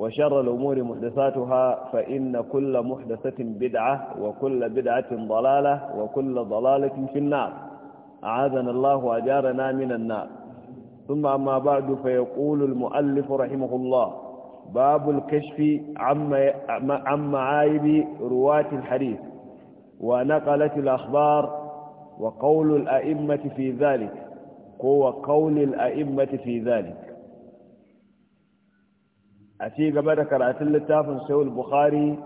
وشر الأمور محدثاتها فإن كل محدثة بدعة وكل بدعة ضلالة وكل ضلالة في النار أعاذنا الله وأجارنا من النار ثم أما بعد فيقول المؤلف رحمه الله باب الكشف عن معايب رواة الحديث ونقلة الأخبار وقول الأئمة في ذلك هو قول الأئمة في ذلك a ci gaba da karatun littafin sayul bukhari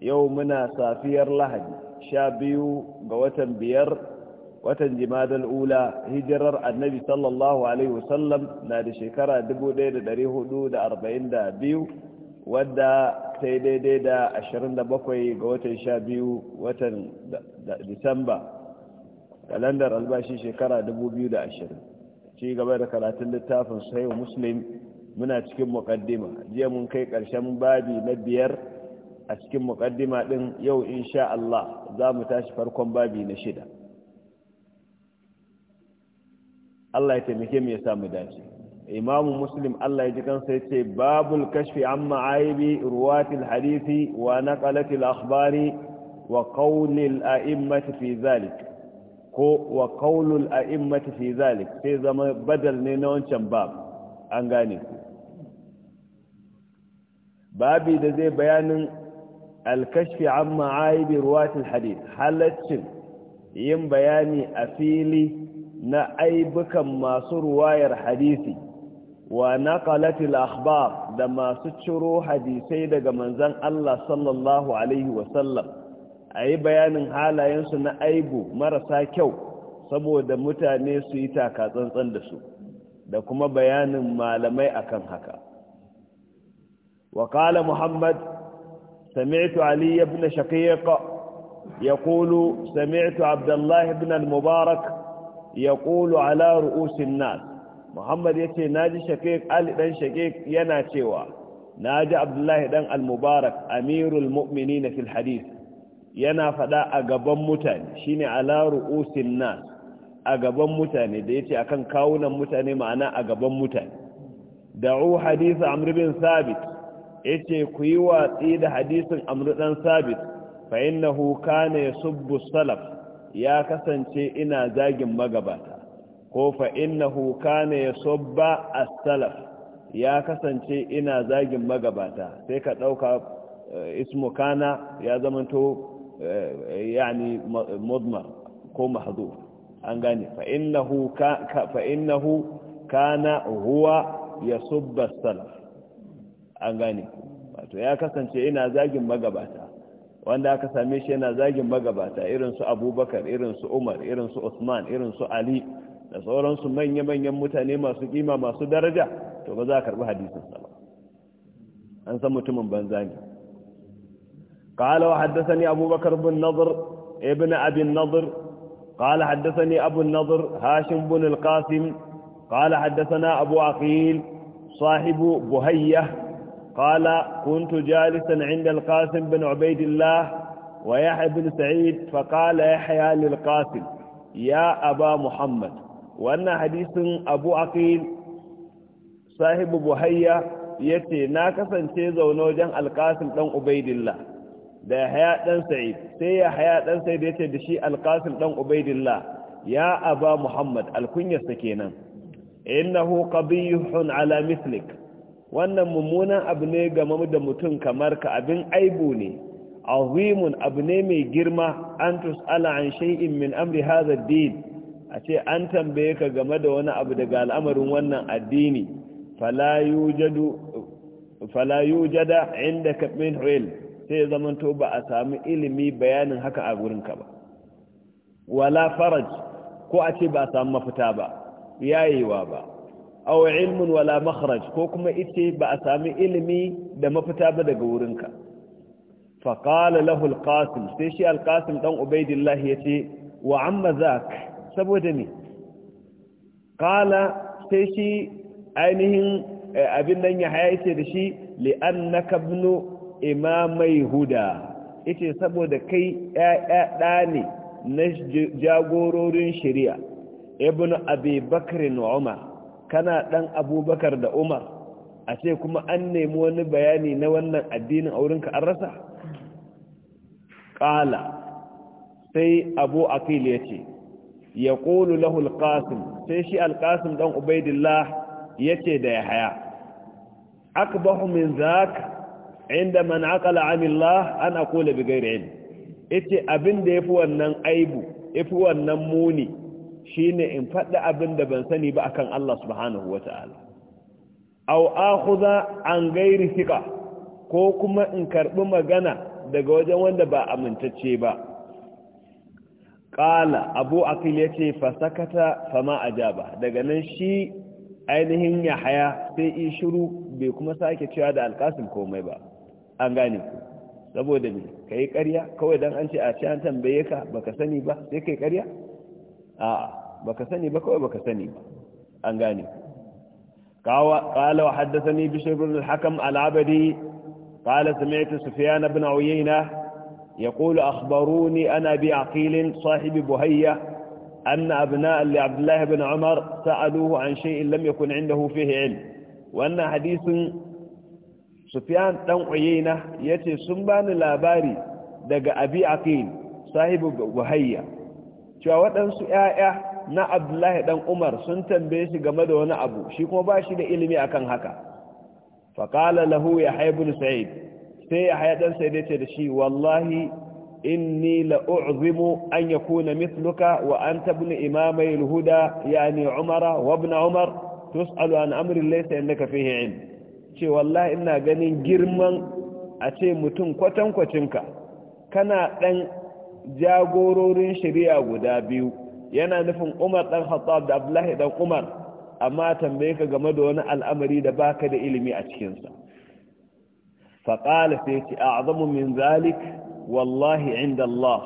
yau muna safiyar lahadi sha biyu ga watan biyar watan jimadar ula hijirar annabi sallallahu alaihi wasallam na da shekara 1442 wadda ta yi daidai da 27 ga watan sha biyu watan disamba kalandar albashi shekara 2020 ci gaba da karatun littafin sayo muslim muna cikin muqaddima jiya mun kai ƙarshen babi na biyar a cikin muqaddima ɗin yau insha Allah za mu tashi farkon babi na shida Allah ya taimake mu ya samu dace Imam Muslim Allah ya ji kansa ce babul kashfi an ma'aibi ruwatil hadisi wa naqalatil akhbari wa qawlil a'immati fi zalik ko wa qawlul a'immati fi zalik sai zama badal ne na wancan bab an gane ku babi da zai bayanin alkashfi an ma'aibi ruwatin hadith halaccin yin bayani a fili na aibukan masu ruwayar hadisi wa naqalatil akhbar da masu ciro hadisai daga manzon Allah sallallahu alaihi wasallam bayanin halayensu na aibu marasa kyau saboda mutane su yi taka tsantsan da su da kuma bayanin malamai akan haka وقال محمد سمعت علي بن شقيق يقول سمعت عبد الله بن المبارك يقول على رؤوس الناس محمد يتي ناجي شقيق علي بن شقيق ينا تيوا ناجي عبد الله بن المبارك أمير المؤمنين في الحديث yana faɗa a gaban mutane shine ala ru'usin nas a gaban mutane da yace akan kawunan mutane ma'ana a gaban mutane da'u hadith amr bin sabit yace ku yi watsi da hadisin amru dan sabit fa innahu kana yasubbu salaf ya kasance ina zagin magabata ko fa innahu kana yasubba as-salaf ya kasance ina zagin magabata sai ka dauka eh, ismu kana ya to eh, yani mudmar ko mahdhuf an gane fa innahu kana huwa yasubba as-salaf an gane wato ya kasance ina zagin magabata wanda aka same shi yana zagin magabata irin su abubakar irin su umar irin su usman irin su ali da sauransu manya-manyan mutane masu kima masu daraja to ba za a karbi hadisinsa ba an san mutumin banza ne قال وحدثني أبو بكر بن نضر ابن أبي النضر قال حدثني أبو Hashim هاشم بن القاسم قال حدثنا أبو عقيل صاحب بهيه قال كنت جالسا عند القاسم بن عبيد الله ويحيى بن سعيد فقال يحيى للقاسم يا أبا محمد وأن حديث أبو عقيل صاحب بهية يتي ناكسا zaune القاسم دان عبيد الله da haya dan sa'id sai ya haya dan sa'id yace da shi alqasim dan ubaidillah ya aba muhammad alkunyarsa kenan innahu qabihun ala wannan mummunan abu ne ga da mutum kamar ka abin aibu ne azimun abu ne mai girma an tus'ala an shay'in min amri hadha din a ce an tambaye ka game da wani abu daga al'amarin wannan addini fala yujadu fala yujada indaka min sai zaman to ba a sami ilimi bayanin haka a gurin ka ba wala faraj ko a ce ba a samu mafita ba yayewa ba aw ilmun wala makhraj ko kuma ite ba a sami ilimi da mafita ba daga wurinka fa qala lahu alqasim sai shi alqasim dan ubaydillah yace wa amma zak saboda ni qala sai shi ainihin eh, abin nan ya haya yace da shi li annaka ibnu imamai huda yace saboda kai ɗa ne na jagororin shari'a ibnu abi bakr umar kana ɗan abubakar da umar a ce kuma an nemi wani bayani na wannan addinin a wurinka an rasa ƙala sai abu akil ya ce ya ƙolu lahul ƙasim sai shi alƙasim ɗan ubaidillah ya ce da ya haya akbahu min zaka inda man aqala amillah an aqula bi ilm ite abin da yafi wannan aibu yafi wannan muni Shi ne in faɗi abin da ban sani ba akan Allah subhanahu wata'ala Au akhudha an gairi fiƙa ko kuma in karɓi magana daga wajen wanda ba amintacce ba Ƙala. abu aqil ya fa sakata fama ba daga nan shi ainihin yahaya sai yi shiru bai kuma sake cewa da alkasim komai ba an gane ku saboda me yi ƙarya kawai don an ce a ce an tambaye ka baka sani ba sai kai ƙarya a'a baka sani ba kawai baka sani ba an gane قال وحدثني بشر بن الحكم العبدي قال سمعت سفيان بن عيينة يقول أخبروني أنا بعقيل صاحب بهية أن أبناء لعبد الله بن عمر سألوه عن شيء لم يكن عنده فيه علم وأن حديث سفيان بن عيينة يتي سنبان الأباري دق أبي عقيل صاحب بهية شو أود أن سؤال na abdullahi dan umar sun tambaye shi game da wani abu shi kuma ba shi da ilimi akan haka faƙala lahu ya haibun sa'id sai ya haya ɗan sa'id dace da shi wallahi inni la'u'zimu an ya kuna misluka wa an tabni imamai huda ya ne umara wa ibn umar tus'alu an amrin laysa ka fihi ilm ce wallahi ina ganin girman a ce mutum kwatankwacinka kana ɗan jagororin shari'a guda biyu yana nufin umar ɗan khattab da abdullahi Ɗan umar amma tambaye ka game da wani al'amari da baka da ilimi a cikinsa faƙala sai ce a'zamu min zalik wallahi inda Allah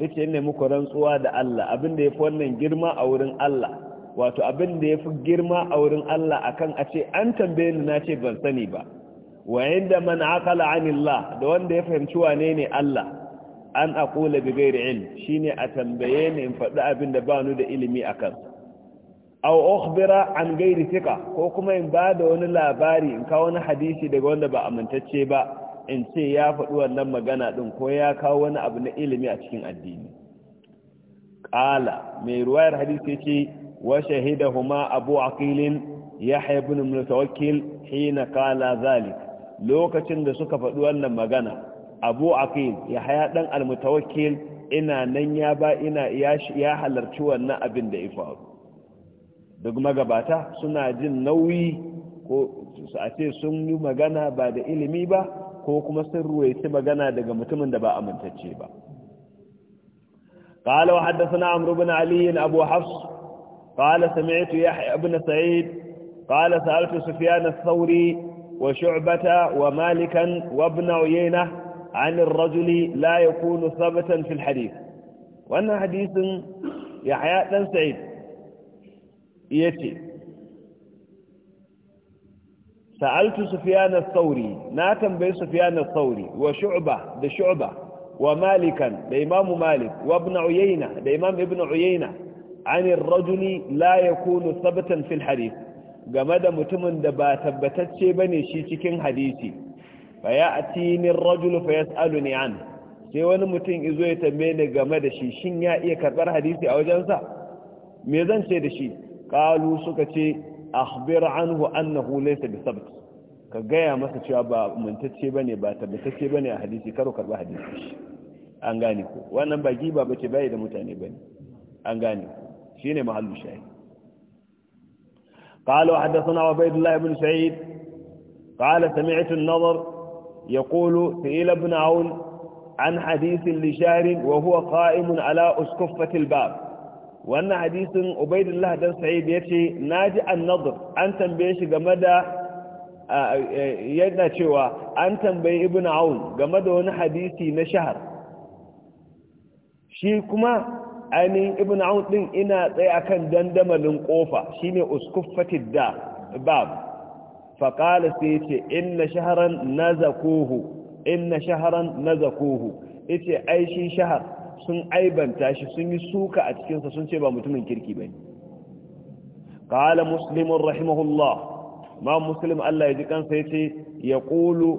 yace ne muku rantsuwa da Allah abin da yafi wannan girma a wurin Allah wato abinda da yafi girma a wurin Allah akan a ce an tambaye ni na ce ban sani ba wa inda man aqala anillah da wanda ya fahimci wane ne Allah an aqula bi ghairi ilm shine a tambaye ni in faɗi abin da ba nu da ilimi akan aw ukhbira an ghairi thiqa ko kuma in ba da wani labari in kawo wani hadisi daga wanda ba amintacce ba in ce ya faɗi wannan magana din ko ya kawo wani abu na ilimi a cikin addini qala mai ruwayar hadisi ce wa shahidahuma abu aqil yahya ibn mutawakkil hina qala zalik lokacin da suka faɗi wannan magana abu aqil ya haya dan almutawakkil ina nan ya ba ina ya halarci wannan abin da ifa duk magabata suna jin nauyi ko a ce sun yi magana ba da ilimi ba ko kuma sun ruwaici magana daga mutumin da ba amintacce ba قال وحدثنا عمرو بن علي أبو حفص قال سمعت يحيى بن سعيد قال سألت سفيان الثوري وشعبة ومالكا وابن عيينة anin rajuli la ya kunu sabatan fil hadith wannan hadisin yahaya dan sa'id ya ce sa'altu sufiyan as-sauri na tambayi sufiyan as-sauri wa shu'ba da shu'ba wa malikan da imamu malik wa ibn uyayna da imam uyayna anin rajuli la ya kunu sabatan fil hadith game da mutumin da ba tabbatacce bane shi cikin hadisi fa ya'tini ar-rajul fa yas'aluni an sai wani mutum izo ya tambaye ni game da shi shin ya iya karbar hadisi a wajensa me zan ce da shi qalu suka ce akhbir anhu annahu laysa bi sabt ka gaya masa cewa ba mintacce bane ba tabbatacce bane a hadisi karo karba hadisi an gane ko wannan ba giba bace bai da mutane bane an gane ko shine mahallu shahid قالوا حدثنا عبيد الله بن سعيد قال سمعت النظر يقول سئل ابن عون عن حديث لشار وهو قائم على أسكفة الباب وأن حديث عبيد الله بن سعيد يتي ناجي النظر أن تنبيش جمدا يدنا شوى أن تنبي ابن عون جمدا هنا حديثي نشهر shi kuma ainihin ibn aun din ina tsaye akan dandamalin kofa shine uskuffatid da bab faƙala sai ce inna shaharan na zakohu inna shaharan na zakohu ita ai shi shahar sun aibanta shi sun yi suka a cikinsa sun ce ba mutumin kirki ba ne ƙala muslimin rahimahullah ma muslim allah ya ji kansa ya ce ya ƙulu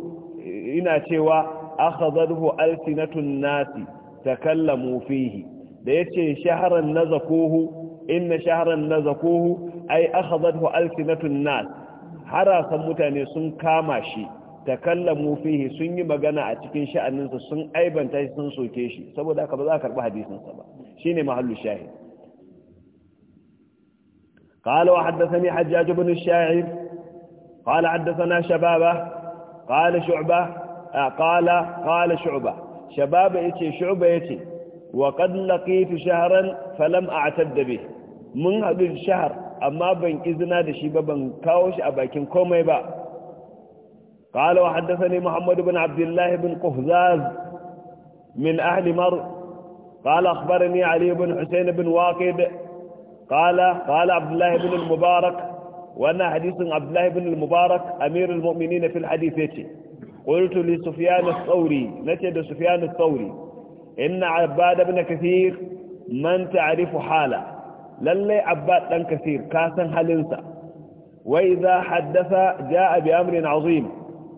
ina cewa aka zarhu alfinatun nasi ta kallamu fihi da ya ce shaharan na zakohu inna shaharan na zakohu ai aka zarhu alfinatun nasi harasan mutane sun kama shi ta kallamu fihi sun yi magana a cikin sha'aninsa sun aibanta shi sun soke shi saboda haka ba za a karɓi hadisinsa ba shine mahallu shahid قال وحدثني حجاج بن الشاعر قال حدثنا شبابه قال شعبه قال قال yace شبابه يتي شعبه يتي وقد لقيت شهرا فلم اعتد به من هذا الشهر amma ban izina da shi ba ban kawo shi a bakin komai ba قال وحدثني محمد بن عبد الله بن قفزاز من أهل مر قال أخبرني علي بن حسين بن واقد قال قال عبد الله بن المبارك وأنا حديث عبد الله بن المبارك أمير المؤمنين في الحديث قلت لسفيان الثوري نتد سفيان الثوري إن عباد بن كثير من تعرف حاله lallai abbas dan kasir ka san halinsa wa idza haddatha jaa bi amrin azim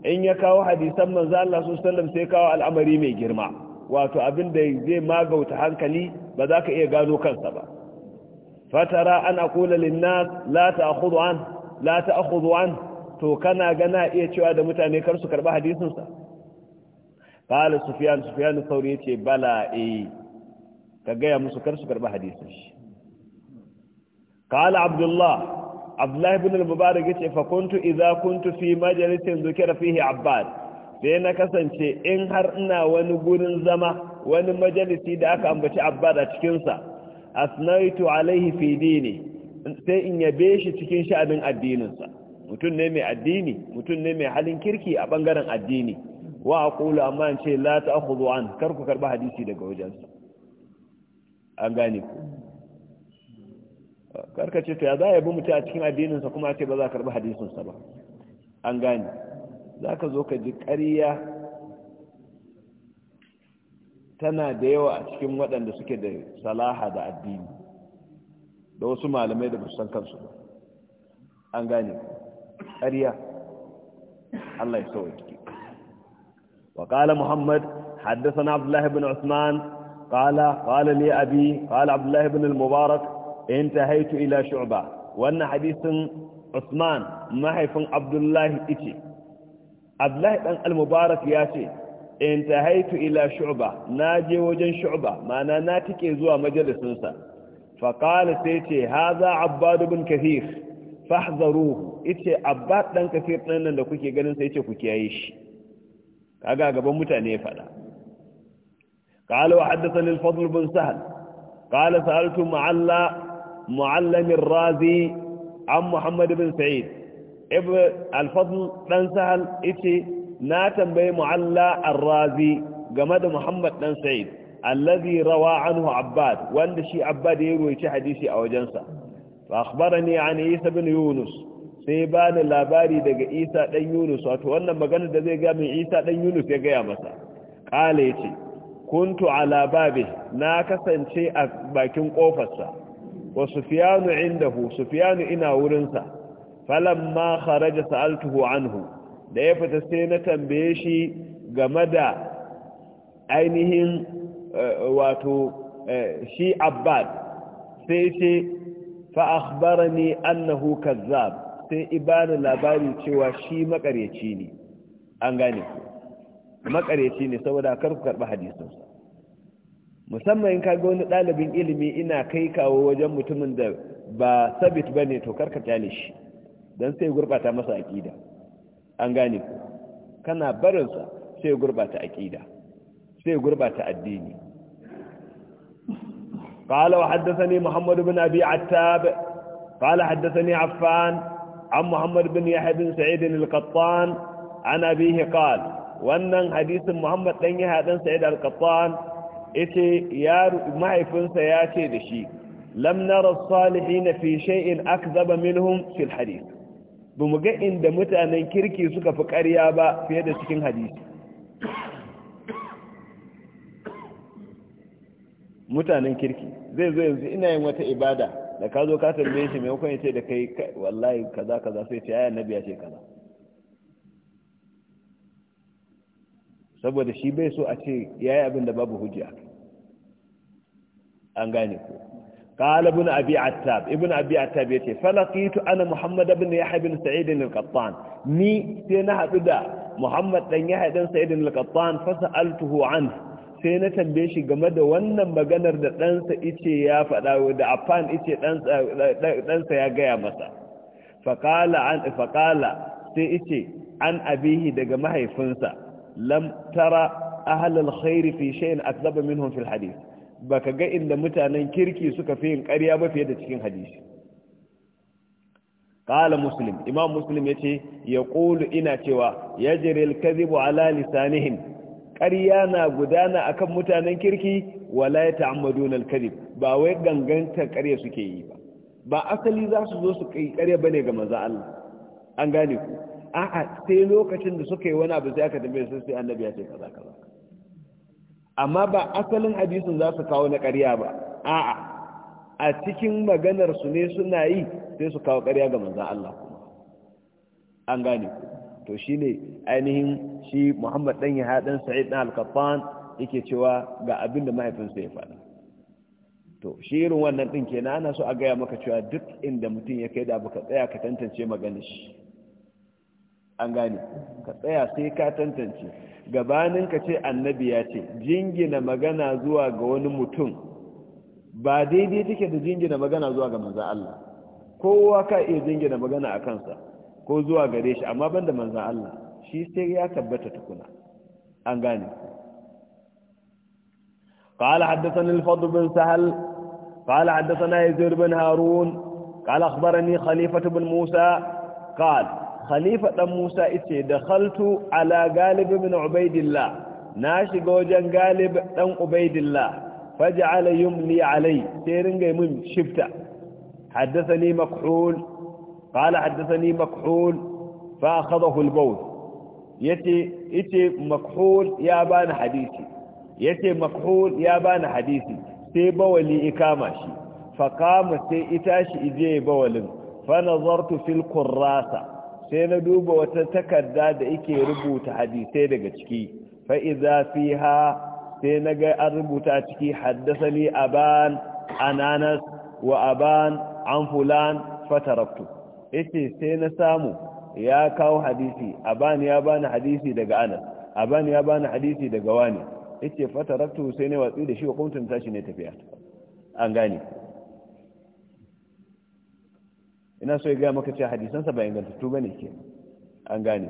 in ya kawo hadisan manzo Allah sallallahu sai kawo al'amari mai girma wato abin da zai magauta hankali ba za ka iya gano kansa ba fatara an aqula lin nas la ta'khudhu an la ta'khudhu an to kana gana iya cewa da mutane kar su karba hadisin sa qala sufyan sufyan thawri yace bala eh ka ga ya musu kar su karba hadisin shi qala abdullah abdullah ibn ya ce fa kuntu idza kuntu fi majalisin dhukira fihi abbad sai na kasance in har ina wani gurin zama wani majalisi da aka ambaci abbad a cikinsa? sa asnaitu alaihi fi sai in yabe shi cikin sha'anin addininsa. mutum ne mai addini mutum ne mai halin kirki a bangaren addini wa aqulu amma in ce la ta'khudhu an kar ku karba hadisi daga wajensa an gane ku karka ce to ya za a yabi mutum a cikin addininsa kuma ce ba za a karɓi hadisinsa ba an gane za ka zo ka ji ƙarya tana da yawa a cikin waɗanda suke da salaha da addini da wasu malamai da ba san kansu ba an gane ƙarya Allah ya sauwa ciki وقال محمد حدثنا عبد الله بن عثمان قال قال لي أبي قال عبد الله بن المبارك intahaitu ila shu'ba wannan hadisin Usman mahaifin Abdullahi ice Abdullahi dan al-Mubarak ya ce intahaitu ila shu'ba na je wajen shu'ba mana na tike zuwa majalisin sa fa qala sai ce hadha abbad ibn kathir fahzaruhu ice abbad dan kathir din nan da kuke ganin sai ce ku kiyaye shi kaga gaban mutane ya fada قال وحدثني الفضل بن سهل قال سألت معلا mu'allam razi an muhammad bin sa'id ibn al-fadl sahal yace na tambayi mu'alla ar-razi game da muhammad dan sa'id alladhi rawa anhu abbad wanda shi abbad ya ruwaye hadisi a wajensa fa akhbarani an isa bin yunus sai ba ni labari daga isa dan yunus wato wannan magana da zai ga isa dan yunus ya gaya masa kala ya kuntu ala babe na kasance a bakin kofarsa wa sufiyanu indahu sufiyanu ina wurinsa ma kharaja sa'altuhu anhu da ya fita sai na tambaye shi game da ainihin eh, wato eh, shi abbad sai ce fa annahu kazzab sai ibana labari cewa shi makareci ne an gane makareci ne saboda kar ku karba hadisinsa musamman in kaga wani ɗalibin ilimi ina kai kawo wajen mutumin da ba sabit ba ne to karka kyale shi don sai gurɓata masa aƙida an gane ku kana barinsa sai gurɓata aƙida sai gurɓata addini قال وحدثني محمد بن أبي عتاب قال حدثني عفان عن محمد بن يحيى بن سعيد القطان عن أبيه قال وأن حديث محمد لن يهدن سعيد القطان yace ya mahaifinsa ya ce da shi lam salihi na fi shay'in akzaba minhum fil hadith mu ga inda mutanen kirki suka fi ƙarya ba fiye da cikin hadisi mutanen kirki zai zo yanzu ina yin wata ibada da ka zo ka tambaye shi maimakon ya ce da kai wallahi kaza kaza sai ce ayan nabi ya ce kaza saboda shi bai so a ce yayi abin da babu hujja an gane ku قال ابن أبي عتاب ابن muhammad عتاب يتي فلقيت أنا محمد بن يحيى بن سعيد القطان ني سينها بدا محمد بن يحيى بن سعيد القطان فسألته sai na tambaye shi game da wannan maganar da ɗansa ice ya faɗa da afan ice ɗansa ya gaya masa fakala sai ice an abihi daga mahaifinsa Lamtara tara ahlal khairi fi shay'in akzaba minhum fil baka ga inda mutanen kirki suka fi yin karya ba fiye da cikin hadisi qala muslim imam muslim ya yaqulu ina cewa yajri al-kadhibu ala lisanihim Karya na gudana akan mutanen kirki wala ya ta'ammaduna al ba wai ganganta karya suke yi ba ba asali za su zo su kai ƙarya bane ga manzo Allah an gane ku a'a sai lokacin da suka yi wani abu sai aka tambaye su sai annabi ya ce kaza kaza amma ba asalin hadisin za su kawo na ƙarya ba a'a a cikin maganar su ne suna yi sai su kawo ƙarya ga manzon Allah an gane to shine ainihin shi Muhammad dan Yahya dan Sa'id dan Al-Qattan yake cewa ga abin da mahaifinsa ya faɗa to shi irin wannan din kenan ana so a gaya maka cewa duk inda mutum ya kai da baka tsaya ka tantance maganar shi an gane ka tsaya sai ka tantance gabanin ka ce annabi ya ce jingina magana zuwa ga wani mutum ba daidai take da jingina magana zuwa ga manzan Allah kowa ka iya jingina magana a kansa ko zuwa gare shi amma banda manzan Allah shi sai ya tabbata tukuna an gane قال حدثنا الفضل بن سهل قال حدثنا يزير بن هارون قال أخبرني خليفة بن موسى قال khalifa dan musa yace da ala galib ibn ubaidillah na shiga wajen galib dan ubaidillah faj'ala yumli alai sai ringa min shifta haddathani makhul qala haddathani makhul fa akhadahu al-bawl yace yace makhul ya bani hadisi yace makhul ya bani hadisi sai bawali ikama shi fa qama sai itashi ije bawalin fa nazartu fil qurrasa sai na duba wata takarda da ike rubuta hadisai daga ciki fa'iza fi ha sai na ga an rubuta ciki haddasani aban ananas wa aban an fulan fataraktu ita sai na samu ya kawo hadisi aban ya bani hadisi daga anas aban ya bani hadisi daga wani ita fataraktu sai ne watsi da shi wa kuntun tashi ne tafiya an gane ina so ya gaya maka cewa hadisansa ba ingantattu ba ne ke an gane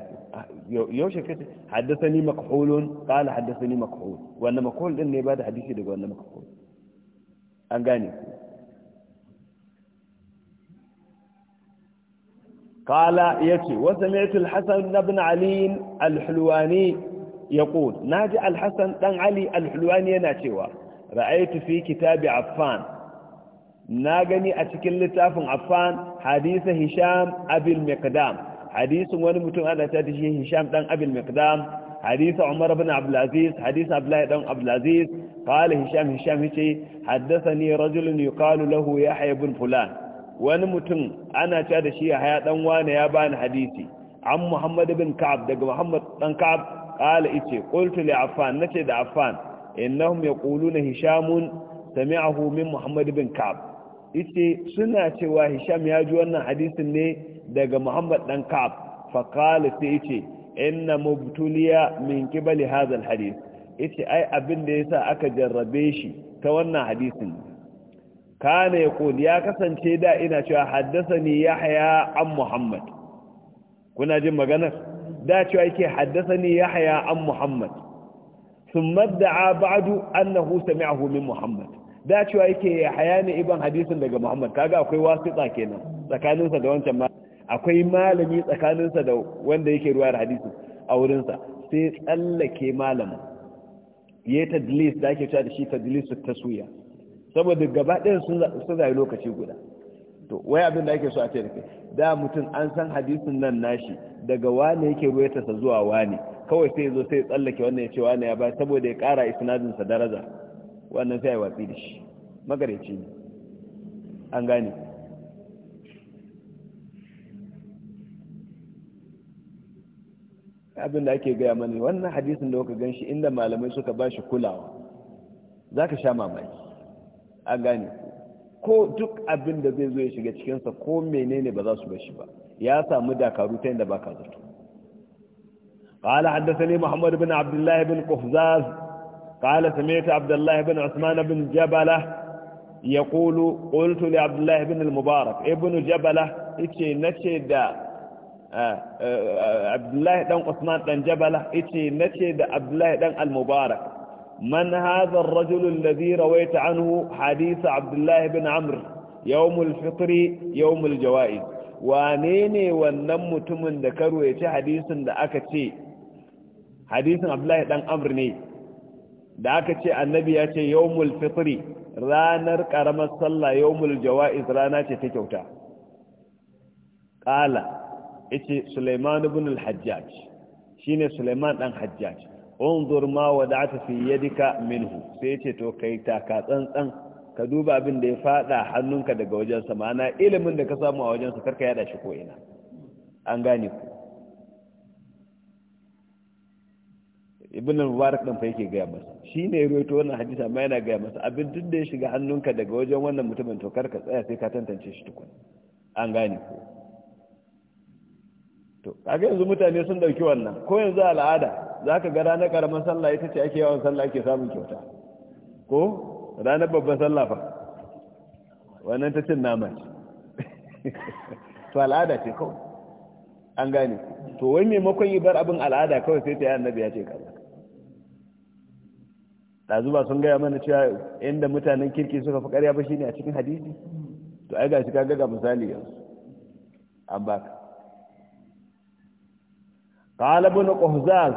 yaushe kace haddasani makhulun qala haddasani makhul wannan makhul din ne ba da hadisi daga wannan makhul an gane qala yace wa sami'tu al-hasan ibn ali al-hulwani yaqul naji al-hasan dan ali al-hulwani yana cewa ra'aytu fi kitabi affan na gani a cikin littafin affan hadisa hisham abil miqdam hadisin wani mutum ana ta da shi hisham dan abil miqdam hadisa umar ibn abdul aziz hadisa abdullahi dan abdul aziz qala hisham hisham yace haddathani rajulun yuqalu lahu yahya ibn fulan wani mutum ana ta da shi yahya dan wani ya bani hadisi an muhammad ibn ka'ab daga muhammad dan ka'ab qala yace qultu li affan nace da affan innahum yaquluna hishamun sami'ahu min muhammad ibn ka'ab ita suna cewa hisham ya ji wannan hadisin ne daga muhammad dan kaf faƙali sai ce inna mubtuliya min kibali hazal hadis ita ai abin da yasa aka jarrabe shi ta wannan hadisin kana ya ya kasance da ina cewa haddasa ni yahya an muhammad kuna jin maganar da cewa yake haddasa ni yahya an muhammad ثم ادعى بعد annahu sami'ahu min Muhammad. da cewa yake hayani ne iban hadisin daga muhammad kaga akwai wasita kenan tsakaninsa da wancan ma akwai malami tsakaninsa da wanda yake da hadisin a wurinsa sai tsallake malama. ya yi tadlis da ake cewa da shi tadlisu taswiya saboda gaba ɗaya sun zai lokaci guda to wai abin da ake so a ce da kai da mutum an san hadisin nan nashi daga wane yake ruwaitarsa zuwa wane kawai sai ya zo sai ya tsallake wannan ya ce wani ya ba saboda ya ƙara isnadinsa daraja wannan sai ya watsi da shi magareci an gane abin ake gaya mana wannan hadisin da kuka gan shi inda malamai suka ba shi kulawa za ka sha mamaki an gane ko duk abin da zai zo ya shiga cikinsa ko menene ba za su bashi ba ya samu dakaru ta yadda ba ka zato قال حدثني محمد بن عبد الله بن قفزاز قال سمعت عبد الله بن عثمان بن جبلة يقول قلت لعبد الله بن المبارك ابن جبلة اتي نتي دا عبد الله بن عثمان بن جبلة اتي نتي دا عبد الله بن المبارك من هذا الرجل الذي رويت عنه حديث عبد الله بن عمرو يوم الفطر يوم الجوائز وانيني ونمتم دكروا يتي حديث دا أكتي حديث عبد الله بن عمرو نيه da aka ce annabi ya ce yawmul fitri ranar karamar sallah yawmul jawa'iz rana ce ta kyauta qala yace Sulaiman ibn al-Hajjaj shine Sulaiman dan Hajjaj unzur ma wada'ta fi yadika minhu sai yace to kai ka tsantsan ka duba abin da ya fada hannunka daga sa ma'ana ilimin da ka samu a wajen sa karka yada shi ko ina an gane ku ibn mubarak din fa yake gaya masa shi ne ruwaito wannan hadisi amma yana gaya masa abin duk da ya shiga hannunka daga wajen wannan mutumin to kar ka tsaya sai ka tantance shi tukun an gane ko to kaga yanzu mutane sun dauki wannan ko yanzu al'ada zaka ga ranar karaman sallah ita ce ake yawan sallah ake samun kyauta ko ranar babban sallah fa wannan ta cin nama ce to al'ada ce kawai an gane to wai maimakon yi bar abin al'ada kawai sai ta yi annabi ya ce kawai ɗazu ba sun gaya mana cewa inda mutanen kirki suka fi ƙarya ba shi ne a cikin hadisi to ai gashi ka ga misali yanzu an baka قال ابن قهزاز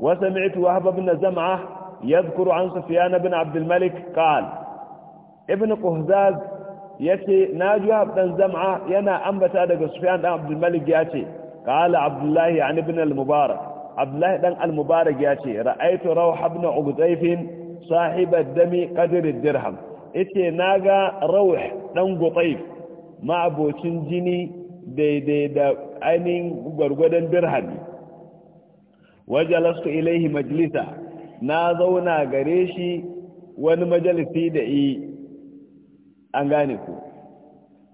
وسمعت وهب بن زمعة يذكر عن سفيان بن عبد الملك قال ابن قهزاز yace na ji wahab dan zam'a yana ambata daga sufyan dan Abdulmalik malik yace qala abdullahi an ibn al mubarak abdullahi dan al-mubarak ya ce ra'aitu rawh ibn uqdayf sahib ad-dami qadr ad-dirham yace naga rawh dan ma ma'abocin jini daidai da ainihin gwargwadon dirhami wajalastu ilaihi majlisa na zauna gare shi wani majalisi da yi an gane ku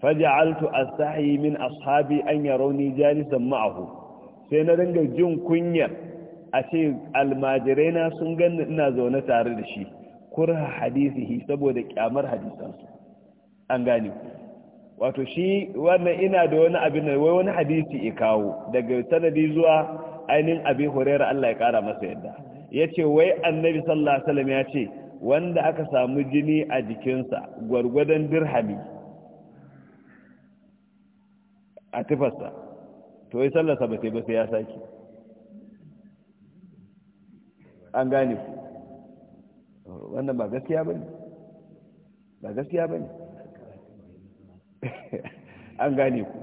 faja'altu sahi min ashabi an yarauni jalisan ma'ahu sai na dinga jin kunya a ce almajirai na sun ganni ina zaune tare da shi Kura hadisihi saboda kyamar hadisansu an gane wato shi wannan ina da wani abin wai wani hadisi ya kawo daga sanadi zuwa ainihin abin horera Allah ya kara masa yadda ya ce wai annabi sallallahu alaihi wasallam ya ce wanda aka samu jini a jikinsa gwargwadon dirhami a tufarsa to ya sallarsa ba sai ba sai ya sake an gane ku wannan ba gaskiya ba ne ba gaskiya ba ne an gane ku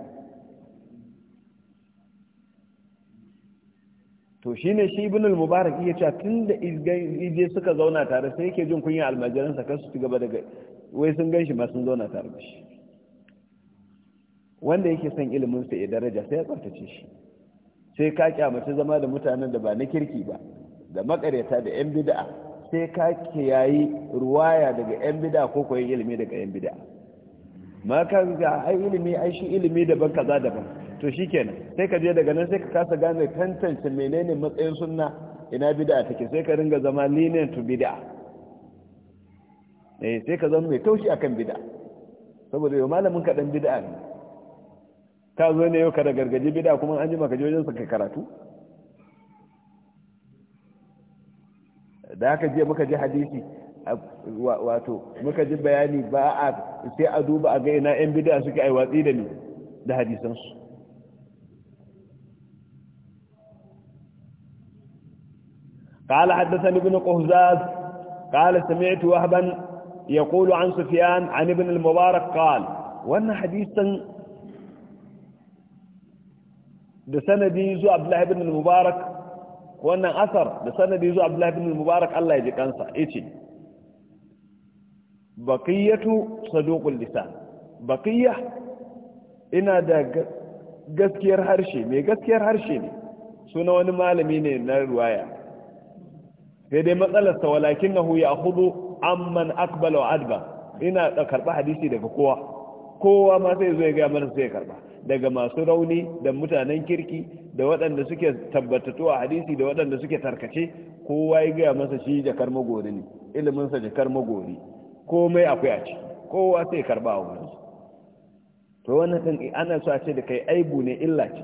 to shi ne shi ibn mubarak iya cewa tun da ije suka zauna tare sai yake jin kunya almajiransa kan su ci gaba daga wai sun gan shi ma sun zauna tare da shi wanda yake son ilimin ya daraja sai ya tsaftace shi sai ka kyamaci zama da mutanen da ba na kirki ba da makareta da yan bid'a sai ka kiyayi ruwaya daga yan bid'a ko koyon ilimi daga yan bid'a ma ka ga ai ilimi ai shi ilimi daban kaza daban to shikenan sai ka je daga nan sai ka kasa gane tantance menene matsayin sunna ina bid'a take sai ka ringa zama lenient to bid'a eh sai ka zama mai taushi akan bid'a saboda yau malamin ka dan bid'a ne ka zo ne yau ka da gargaji bida kuma an ji maka jojin ka karatu da haka je muka ji hadisi wato muka ji bayani ba a sai a duba a ga ina yan bid'a suke ai watsi da ni da hadisan su قال حدثني ابن قهزاز قال سمعت وهبا يقول عن سفيان عن ابن المبارك قال وان حديثا da sanadi zuwa abdullahi ibn al-mubarak wannan asar da sanadi zuwa abdullahi ibn al-mubarak Allah ya ji kansa yace baqiyatu saduqul lisan baqiya ina da gaskiyar harshe mai gaskiyar harshe ne suna wani malami ne na ruwaya sai dai matsalarsa walakin na huya hudu amman akbala wa adba ina da karba hadisi daga kowa kowa ma sai zo ya gaya mana sai ya karba. daga masu rauni da mutanen kirki da waɗanda suke tabbatattu a hadisi da waɗanda suke tarkace kowa ya gaya masa shi jakar magori ne iliminsa jakar magori komai akwai a ciki kowa sai karba a wurin to wannan kan ana so a ce da kai aibu ne illa ce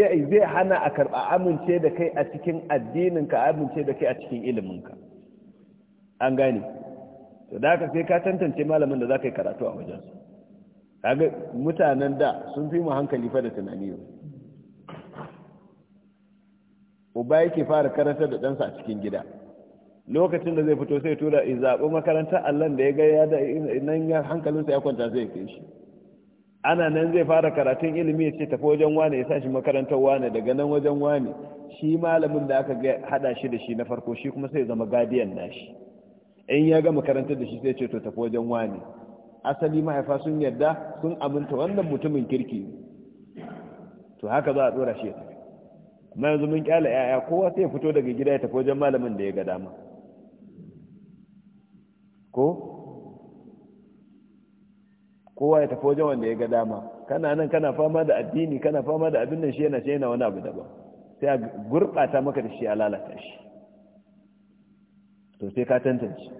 sai zai hana a karba amince da kai a cikin addininka amince da kai a cikin iliminka an gane to da haka sai ka tantance malamin da za ka yi karatu a wajensu kaga mutanen da sun fi mu hankali fa da tunani ba. uba yake fara karanta da ɗansa a cikin gida lokacin da zai fito sai tura zaɓi makarantar allon da ya ga ya da nan hankalinsa ya kwanta zai kai shi ana nan zai fara karatun ilimi ya ce tafi wajen wane ya sa shi makarantar wane daga nan wajen wane shi malamin da aka hada shi da shi na farko shi kuma sai zama gadiyan nashi in ya ga makarantar da shi sai ce to tafi wajen wane asali mahaifa sun yarda sun aminta wannan mutumin kirki to haka za a tsora shi amma yanzu mun kyala yaya kowa sai ya fito daga gida ya tafi wajen malamin da ya ga dama ko kowa ya tafi wajen wanda ya ga dama kana nan kana fama da addini kana fama da abin nan shi yana shi yana wani abu daban sai a gurɓata maka da shi a lalata shi to sai ka tantance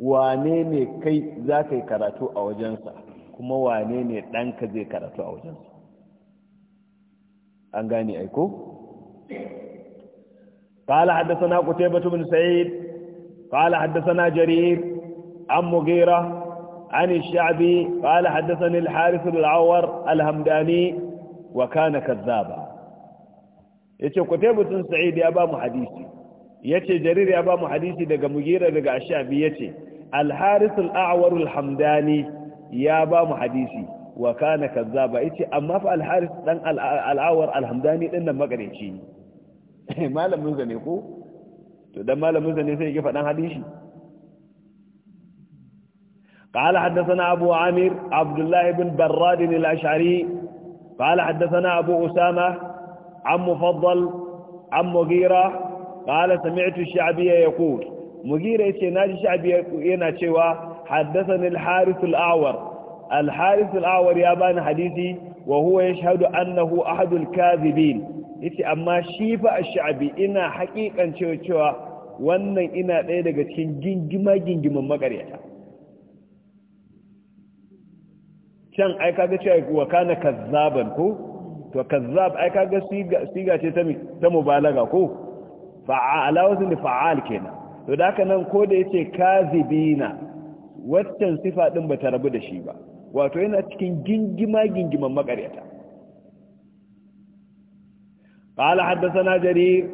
wane ne kai za ka yi karatu a wajensa kuma wane ne ɗanka zai karatu a wajensa an gane aiko? ƙala haddasa kutai batu bin sa'id ƙala haddasa na jarir an mugera an sha'abi ƙala haddasa ni harisun al'awar alhamdani wa kana kazzaba ya ce kutai batu sa'id ya ba mu hadisi ya ce jarir ya ba mu hadisi daga mugira daga sha'abi ya ce الحارث الأعور الحمداني يا بام حديثي وكان كذابا إيتي أما في الحارث دان الأعور الحمداني إنا مقريشي ما لم يزن يقو تدام ما لم يزن يسيك فدان حديثي قال حدثنا أبو عامر عبد الله بن براد الأشعري قال حدثنا أبو أسامة عم مفضل عم مغيرة قال سمعت الشعبية يقول mugira yace naji sha'bi yana cewa haddathani al-harith awar al-harith awar ya bani hadisi wa huwa yashhadu annahu ahad al-kadhibin yace amma shi fa ash-sha'bi ina hakikan cewa cewa wannan ina ɗaya daga cikin gingima gingiman makaryata can ai kaga cewa wa kana kazzaban ko to kazzab ai kaga siga siga ce ta ta mubalaga ko fa'ala wasu fa'al kenan to da haka nan ko da yace kazibina waccan sifa din ta rabu da shi ba wato yana cikin gingima gingiman makaryata قال حدثنا جرير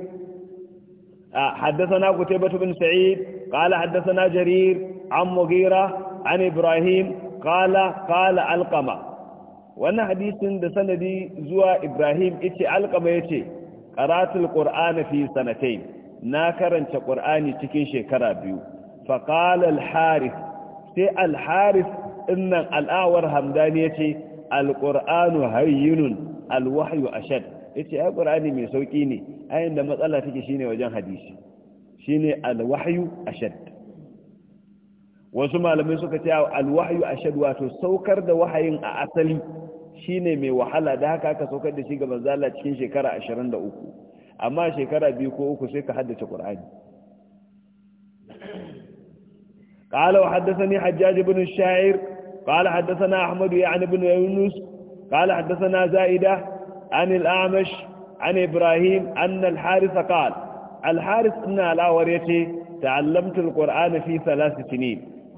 حدثنا قتيبة بن سعيد قال حدثنا جرير عن مغيرة عن إبراهيم قال قال القمة وانا حديث ده سندي زوى إبراهيم اتي القمة يتي قرات القرآن في سنتين na karanta ƙur'ani cikin shekara biyu faƙal al sai al-harith innan al'awar hamdani ya ce al hayyunun al-wahyu ashad ya ce ya mai sauƙi ne ayin da matsala take shine wajen hadisi shine al-wahyu ashad wasu malamai suka ce al-wahyu ashad wato saukar da wahayin a asali shine mai wahala da haka aka saukar da shi ga manzala cikin shekara 23 amma shekara biyu ko uku sai ka haddace qur'ani qala wa haddathani hajjaj ibn sha'ir na ahmadu ya ya'ni bin yunus haddasa na zaida an al-a'mash an ibrahim an al-harith qala alharis ina alawar ya yace ta al-qur'ana fi thalath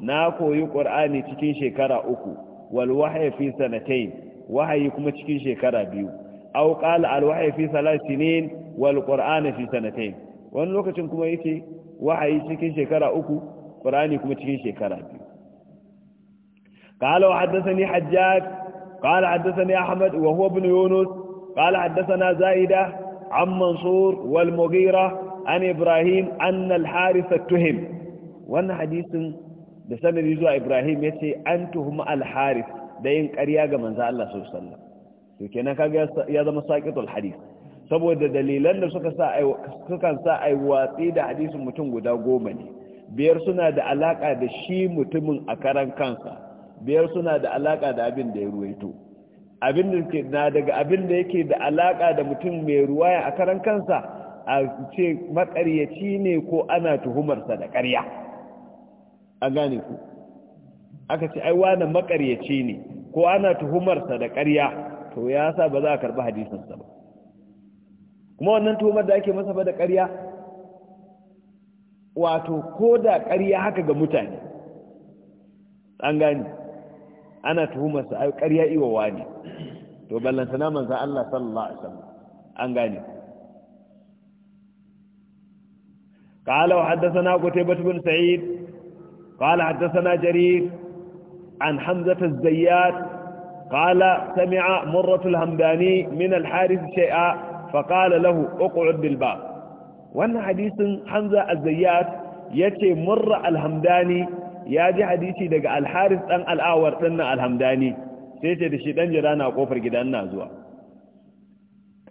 na koyi ƙur'ani cikin shekara uku wal wahyi fi sanatayn wahayi kuma cikin shekara biyu aw qala alwahyi fi thalath sinin wal qur'an fi sanatayn wani lokacin kuma yace wahayi cikin shekara uku qur'ani kuma cikin shekara biyu qala wa haddathani hajjaj qala haddathani ahmad wa huwa ibn yunus qala haddathana zaida an mansur wal mughira an ibrahim anna al harith tuhim wannan hadisin da sanadi zuwa ibrahim yace an tuhuma al harith da yin ƙarya ga manzo Allah sallallahu alaihi wasallam to kenan kaga ya zama saqitul hadith saboda dalilan da suka sa sukan sa ai watsi da hadisin mutum guda goma ne biyar suna da alaka da shi mutumin a karan kansa biyar suna da alaka da abin da ya ruwaito abin da ke na daga abin da yake da alaka da mutum mai ruwaya a karan kansa a ce makaryaci ne ko ana tuhumarsa da ƙarya an gane ku aka ce ai wani makaryaci ne ko ana tuhumarsa da ƙarya to ya sa ba za a karɓi hadisinsa ba kuma wannan tuhumar da ake masa ba da ƙarya wato ko da ƙarya haka ga mutane an gani ana tuhumarsa a ƙarya iwawa ne to ballanta ballantana manzan Allah sallallahu Alaihi wasallam an gani قال وحدثنا قتيبة بن سعيد قال حدثنا جرير عن حمزة الزيات قال سمع مرة الهمداني من الحارث شيئا فقال له اقعد بالباب وان حديث حمزة الزيات يتي مرة الهمداني ياجي حديثي دقى الحارث أن الآور تن الهمداني سيتي دشي دنجرانا وقفر جدانا زوا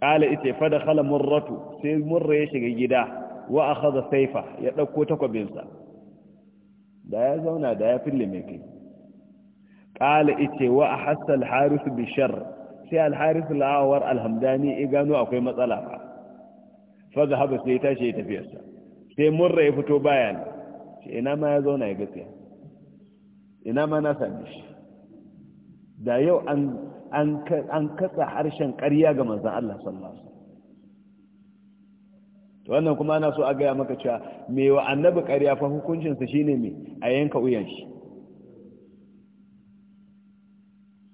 قال إتي فدخل مرة سي مرة يشي جدا وأخذ سيفة يتلقو تقبينسا da ya zauna da ya fille mai kai ƙala ice wa a hassa alharisu bishar sai alharisu la'awar alhamdani ya gano akwai matsala ba faga haba sai ya tashi ya tafiyarsa sai murra ya fito bayan ce ina ma ya zauna ya gatsiya ina ma na sami shi da yau an katsa harshen ƙarya ga manzan Allah sallallahu Alaihi wannan kuma na so a gaya maka cewa mai wa annabi ƙarya fa hukuncinsa shine mai a yanka uyan shi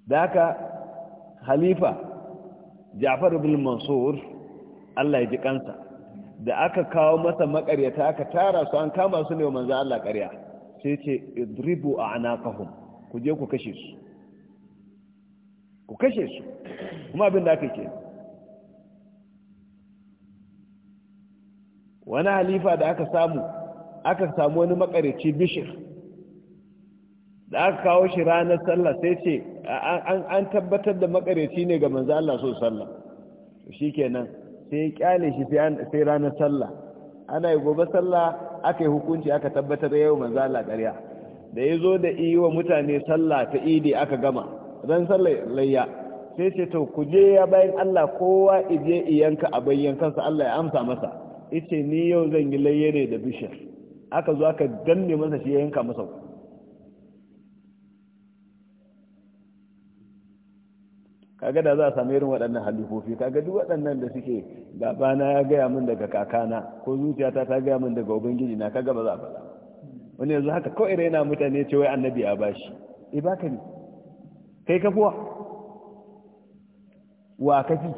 da haka halifa jafar ibn mansur Allah ya ji kansa da aka kawo masa makaryata aka tara su an kama su ne wa manzo Allah ƙarya sai ce idribu anaqahum ku je ku kashe su ku kashe su kuma abin da aka ke wani halifa da aka samu aka samu wani makaryaci bishir da aka kawo shi ranar sallah sai ce an tabbatar da makareci ne ga manzo Allah so sallah shikenan sai kyale shi sai ranar sallah ana yi gobe sallah aka yi hukunci aka tabbatar da yau manzo Allah ƙarya da ya zo da iya wa mutane sallah ta idi aka gama ran sallah layya sai ce to ku je ya bayan Allah kowa ije iyanka a bayyan kansa Allah ya amsa masa ice ni yau zan yi layya ne da bishiyar aka zo aka danne masa shi ya yanka masa ku kaga da za a sami irin waɗannan halifofi kaga duk waɗannan da suke na ya gaya min daga kakana ko zuciyata ta gaya min daga ubangiji na kaga ba za a faɗa wani yanzu haka kawai raina mutane ce wai annabi a bashi e eh, baka ne kai kafuwa wa kafi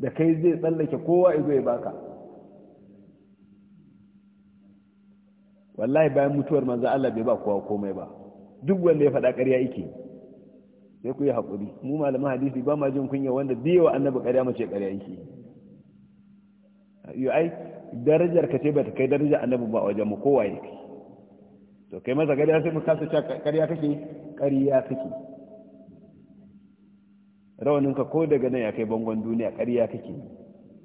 da kai zai tsallake kowa izo ya baka wallahi bayan mutuwar manzo Allah bai ba kowa komai ba duk wanda ya faɗa ƙarya yake sai ku yi haƙuri mu malaman hadisi ba ma jin kunya wanda biyo annabi ƙarya mace ƙarya yake yi ai darajar ka ce ba ta kai darajar annabi ba a wajen mu kowa yake to kai masa ƙarya sai mu kasa cewa ƙarya kake ƙarya kake rawaninka ko daga nan ya kai bangon duniya ƙarya kake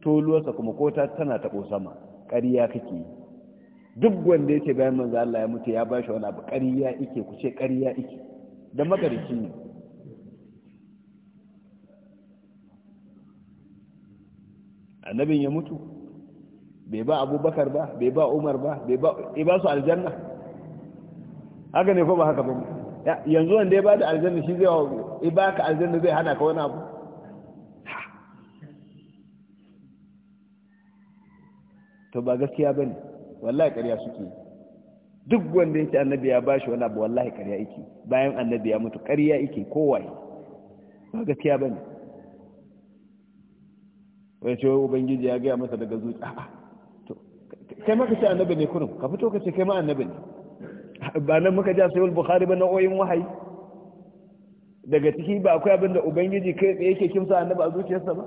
toluwarsa kuma ko ta tana taɓo sama ƙarya kake duk wanda yake bayan manzo Allah ya mutu ya bashi wani abu ƙarya yake ku ce ƙarya yake da makarici ne annabin ya mutu bai ba abubakar ba bai ba umar ba bai ba su aljanna haka ne ko ba haka ba yanzu wanda ya ba da aljanna shi zai wa ba ka aljanna zai hana ka wani abu to ba gaskiya ba ne wallahi ƙarya suke duk wanda yake annabi ya bashi wani abu wallahi karya yake bayan annabi ya mutu karya yake kowai ba gaskiya ba ne wani ce ubangiji ya gaya masa daga zuci a'a to kai maka ce annabi ne kurum ka fito ka ce kai ma annabi ne ba nan muka ja sayul bukhari ba nau'o'in wahayi daga ciki ba akwai abin da ubangiji kai tsaye yake kimsa annabi a zuciyarsa ba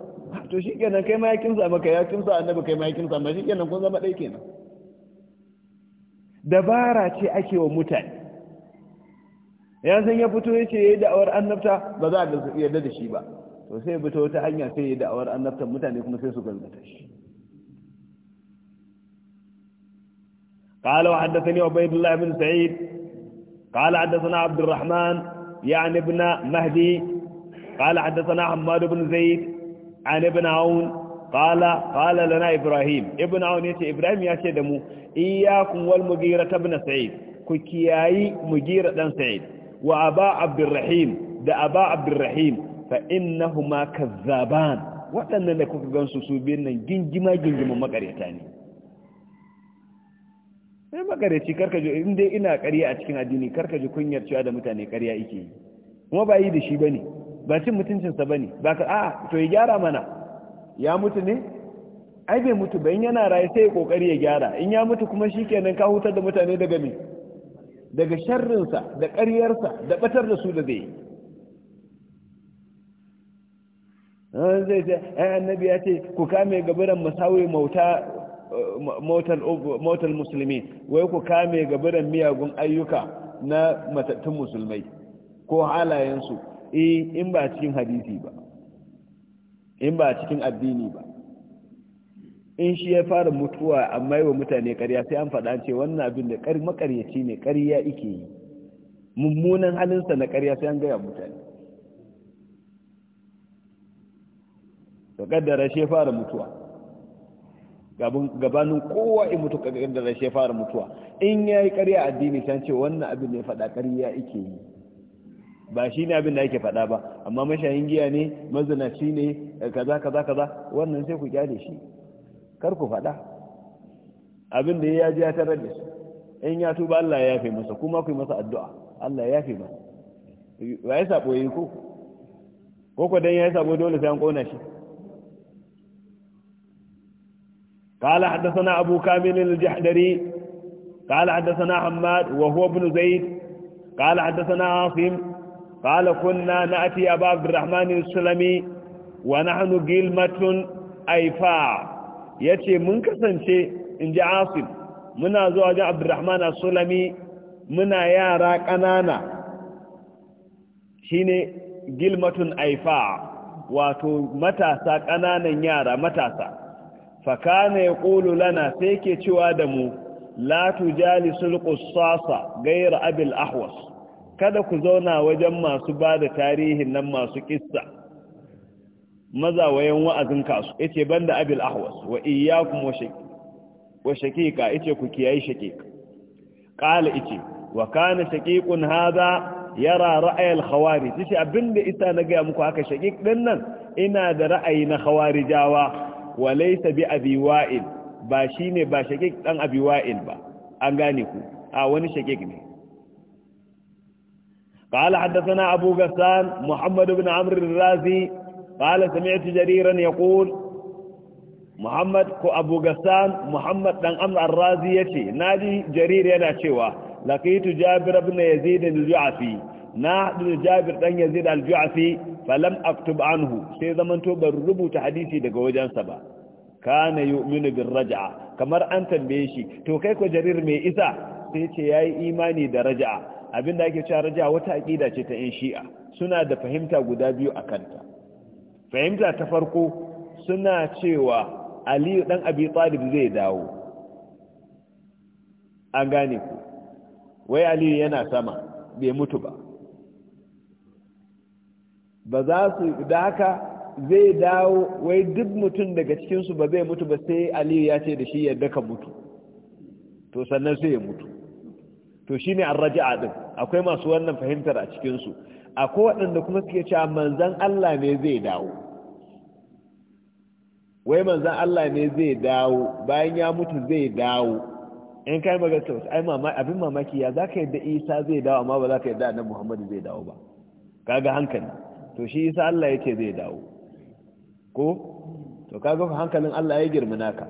to shikenan kai ma ya kimsa maka ya kimsa annabi kai ma ya kimsa ma shikenan kun zama dai kenan dabara ce ake wa mutane ya san ya fito ya ce ya yi da'awar annabta ba za a yarda da shi ba to sai bi ta wata hanya sai ya da'awar annabtan mutane kuma sai su galgata shi قال وحدثني عبيد الله بن سعيد قال حدثنا عبد الرحمن يعني ابن مهدي قال حدثنا حماد بن زيد عن ابن عون قال قال لنا إبراهيم ابن عون يتي إبراهيم يتي دمو إياكم والمغيرة بن سعيد كيكياي مغيرة بن سعيد وأبا عبد الرحيم ده أبا عبد الرحيم fa innahuma kazzaban waɗannan da kuka gansu su biyan nan gingima gingiman makareta ne sai makareci karka ji in dai ina ƙarya a cikin addini karka ji kunyar cewa da mutane ƙarya yake yi kuma ba yi da shi bane ba cin mutuncinsa bane ba ka a to ya gyara mana ya mutu ne ai bai mutu ba in yana raye sai ya kokari ya gyara in ya mutu kuma shikenan ka hutar da mutane daga me daga sharrinsa da ƙaryarsa da batar da su da zai Eh, zai ce ai eh, annabi ya ce ku kame gabaran masawi mauta musulmi wai ku kame gabaran miyagun ayyuka na matattun musulmai ko halayensu e in ba cikin hadisi ba in ba cikin addini ba in shi ya fara mutuwa amma yi mutane ƙarya sai an faɗa ce wannan abin da makaryaci ne ƙarya ike yi mummunan halinsa na ƙarya sai an gaya mutane ka kaddara shi fara mutuwa gabanin kowa in mutu ka kaddara shi fara mutuwa in yayi ƙarya addini san ce wannan abin da ya faɗa ƙarya yake yi ba shi ne abin da yake faɗa ba amma mashayin giya ne mazinaci ne kaza kaza kaza wannan sai ku kyale shi kar ku faɗa abin da ya ji ya tarar da shi in ya tuba Allah ya yafe masa kuma ku yi masa addu'a Allah ya yafe masa ba ya sabo yi ko ko ko dan ya sabo dole sai an kona shi قال حدثنا أبو كامل الجحدري قال حدثنا حماد وهو ابن زيد قال حدثنا عاصم قال كنا نأتي أبا عبد الرحمن السلمي ونحن قلمة أيفاع يتي منكسن شيء إن جاء عاصم منا زواج عبد الرحمن السلمي منا يارا كنانا شيني قلمة أيفاع واتو متاسا كنانا يارا متاسا fakana ya ƙulu lana sai ke cewa da mu latu la tujalisul sasa gaira abil ahwas kada ku zauna wajen masu ba da tarihin nan masu kissa mazawayen wa'azin kasu ban da abil ahwas wa iya kuma wa shaqiqa yace ku kiyaye shaqiq "Ƙala yace wa kana shaqiqun hadha yara ra'ayar ra'ayil khawarij yace abinda ita na gaya muku haka shaqiq ɗin nan ina da ra'ayi na jawa. wa laysa bi abi wa'il ba shine ba shakik dan abi wa'il ba an gane ku a wani shakik ne قال حدثنا أبو غسان محمد بن عمرو الرازي قال سمعت جريرا يقول محمد كو أبو غسان محمد بن عمرو الرازي يتي نادي جرير ينا شوى لقيت جابر بن يزيد الجعفي na haɗu da jabir ɗan yazid al-ju'afi falam aktub anhu sai zamanto ban rubuta hadisi daga wajensa ba kana yu'minu bin raja'a kamar an tambaye shi to kai ko jarir mai isa sai ce yayi imani da raja'a abinda ake cewa raja'a wata aqida ce ta yan shi'a suna da fahimta guda biyu a kanta fahimta ta farko suna cewa aliyu dan abi talib zai dawo an gane ku wai aliyu yana sama bai mutu ba ba za su da haka zai dawo wai duk mutum daga cikinsu ba zai mutu ba sai aliyu ya ce da shi yadda ka mutu to sannan sai ya mutu to shi ne an a ɗin akwai masu wannan fahimtar a cikinsu akwai waɗanda kuma suke cewa manzan Allah ne zai dawo wai manzan Allah ne zai dawo bayan ya mutu zai dawo in kai magana wasu abin mamaki ya za ka yadda isa zai dawo amma ba za ka yadda annabi muhammadu zai dawo ba ga hankali to shi isa Allah ya ce zai dawo ko to kaga hankalin Allah ya girma naka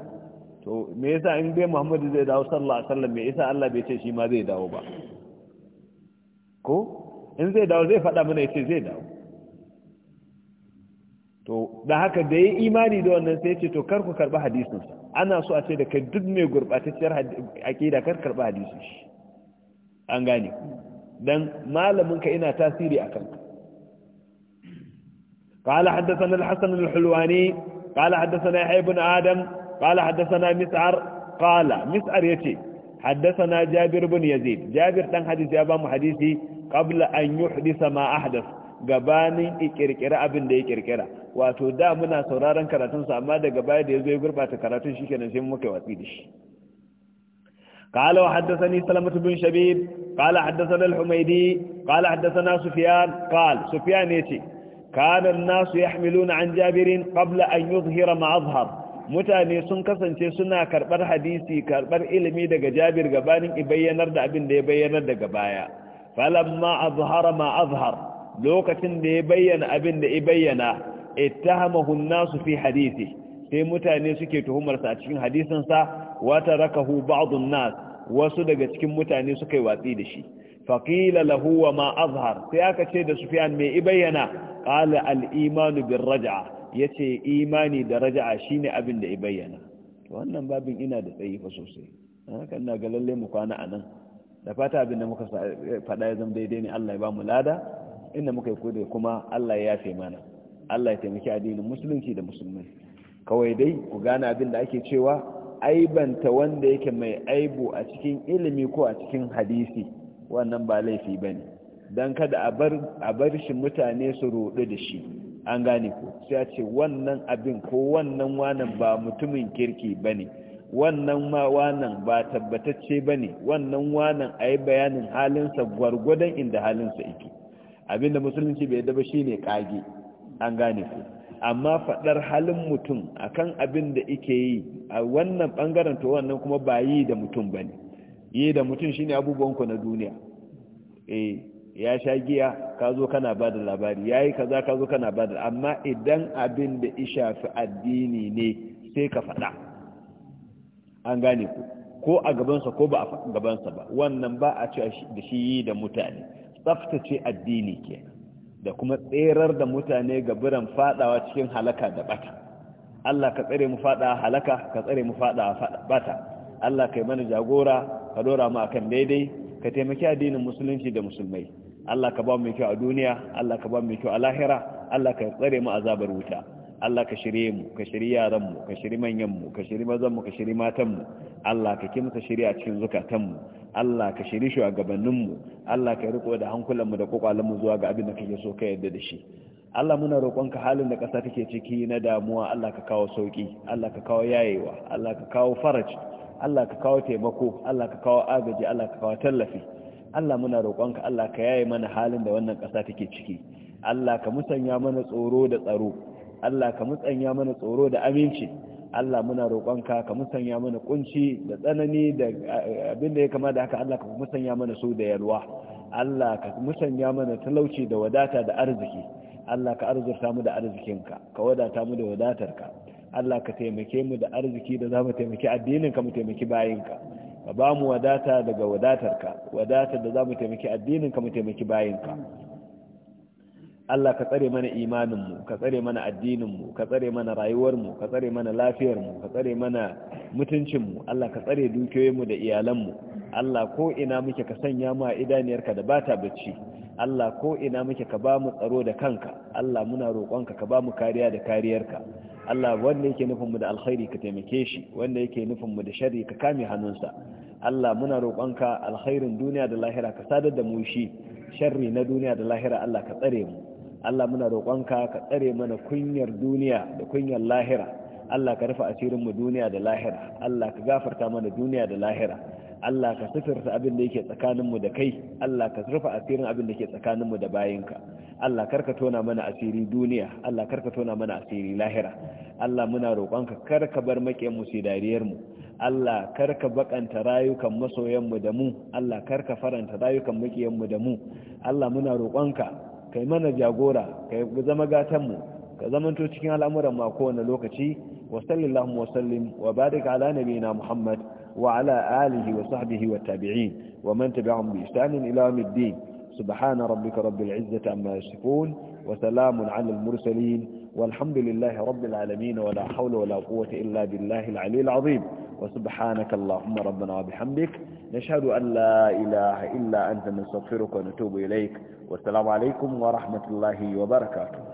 to me yasa in bai Muhammadu zai dawo sallallahu alaihi wasallam me yasa Allah bai ce shi ma zai dawo ba ko in zai dawo zai faɗa mana yace zai dawo to da haka da yi imani da wannan sai ce to kar ku karba hadisin ana so a ce da kai duk mai gurbatacciyar aƙida kar karba hadisin shi an gane dan malamin ka ina tasiri akan ka. قال حدثنا الحسن الحلواني قال حدثنا يحيى بن آدم قال حدثنا مسعر قال مسعر يتي حدثنا جابر بن يزيد جابر تن حديث أبا محديثي قبل أن يحدث ما أحدث gabanin ikirkira abin da ya kirkira wato da muna sauraron karatun sa amma daga baya da yazo ya gurbata karatun shikenan sai muka watsi da shi qala wa haddathani salamatu bin shabib qala haddathana al-humaydi qala haddathana sufyan qala sufyan yace kana nasu yahmiluna an jabirin kabla an yuzhira ma azhar mutane sun kasance suna karbar hadisi karbar ilimi daga jabir gabanin ibayyanar da abin da ya bayyanar daga baya falamma azhara ma azhar lokacin da ya bayyana abin da ya bayyana ittahamahu an-nasu fi hadisi sai mutane suke tuhumar sa cikin hadisin sa wa tarakahu ba'd nas wasu daga cikin mutane suka yi watsi da shi faƙila lahu ma azhar sai aka ce da sufiyan mai ibayyana ƙala al'imanu bin raja'a ya ce imani da raja'a shine abin da ibayyana wannan babin ina da tsayi fa sosai haka ina ga lalle mu kwana a nan da fata abin da muka faɗa ya zama daidai ne allah ya ba mu lada inda muka yi kudi kuma allah ya yafe mana allah ya taimaki addinin musulunci da musulmai kawai dai ku gane abin da ake cewa aibanta wanda yake mai aibu a cikin ilimi ko a cikin hadisi wannan ba laifi ba ne don kada a bar shi mutane su roɗu da shi an gane ko sai a ce wannan abin ko wannan wanan ba mutumin kirki ba ne wannan ma wanan ba tabbatacce ba ne wannan wanan a yi bayanin halinsa gwargwadon inda halinsa abin abinda musulunci bai daba shi ne ƙage an gane ku amma faɗar halin mutum akan abin da ike yi a wannan ɓangaren to wannan kuma ba yi da mutum ba ne yi eh, da mutum shine ku na duniya eh ya sha giya ka zo kana ba da labari ya yi kaza ka zo kana ba da amma idan abin da ishafi addini ne sai ka fada an gane ku ko a gabansa ko ba a gabansa ba wannan ba a cewa da shi yi da mutane tsaftace addini ke da kuma tserar da mutane ga biran fadawa cikin halaka da bata Allah ka tsare mu fada halaka ka tsare mu fada bata Allah kai mana jagora ka dora mu akan daidai ka taimaki addinin musulunci da musulmai Allah ka ba mu kyau a duniya Allah ka ba mu kyau a lahira Allah ka tsare mu azabar wuta Allah ka shirye mu ka shirye yaran mu ka shirye manyan mu ka shirye mazan mu ka shirye matan mu Allah ka shirye a cikin zukatan mu Allah ka shirye gabanin mu Allah ka riko da hankulan mu da kokwalan mu zuwa ga abin da kake so ka yarda da shi Allah muna roƙonka halin da ƙasa take ciki na damuwa Allah ka kawo sauki Allah ka kawo yayewa Allah ka kawo faraj Allah ka kawo taimako Allah ka kawo agaji Allah ka kawo tallafi Allah muna roƙonka Allah ka yaye mana halin da wannan ƙasa take ciki Allah ka musanya mana tsoro da tsaro Allah ka musanya mana tsoro da aminci Allah muna roƙonka ka musanya mana kunci da tsanani da eh, abin da ya kama da haka Allah ka musanya mana so da yalwa Allah ka musanya mana talauci da wadata da arziki Allah ka arzurta mu da arzikinka ka wadata mu da wadatarka Allah ka taimake mu da arziki da za mu taimaki addininka mu taimaki bayinka ka ba mu wadata daga wadatarka wadatar da za mu taimaki addininka mu taimaki bayinka Allah ka tsare mana imaninmu ka tsare mana addininmu ka tsare mana rayuwarmu ka tsare mana lafiyarmu ka tsare mana mutuncinmu Allah ka tsare dukiyoyinmu da iyalanmu Allah ko ina muke ka sanya mu a idaniyarka da bata bacci Allah ko ina muke ka ba mu tsaro da kanka Allah muna roƙonka ka ba mu kariya da kariyarka Allah wanda yake nufin mu da alkhairi ka taimake shi wanda yake nufin mu da sharri ka kame hannunsa Allah muna roƙonka alkhairin duniya da lahira ka sadar da mu shi sharri na duniya da lahira Allah ka tsare mu Allah muna roƙonka ka tsare mana kunyar duniya da kunyar lahira Allah ka rufe asirin mu duniya da lahira Allah ka gafarta mana duniya da lahira Allah ka suturta abin da yake tsakaninmu da kai Allah ka rufa asirin abin da yake tsakaninmu da bayinka Allah karka tona mana asiri duniya Allah karka tona mana asiri lahira Allah muna roƙonka karka bar maƙiyanmu su dariyarmu. mu Allah karka bakanta rayukan masoyanmu da mu Allah karka faranta rayukan maƙiyanmu da mu Allah muna roƙonka kai mana jagora kai zama gatanmu ka zamanto cikin al'amuran ma kowane lokaci Wasallin sallallahu wa wa barik ala nabiyina Muhammad وعلى آله وصحبه والتابعين ومن تبعهم بإحسان إلى يوم الدين سبحان ربك رب العزة عما يصفون وسلام على المرسلين والحمد لله رب العالمين ولا حول ولا قوة إلا بالله العلي العظيم وسبحانك اللهم ربنا وبحمدك نشهد أن لا إله إلا أنت نستغفرك ونتوب إليك والسلام عليكم ورحمة الله وبركاته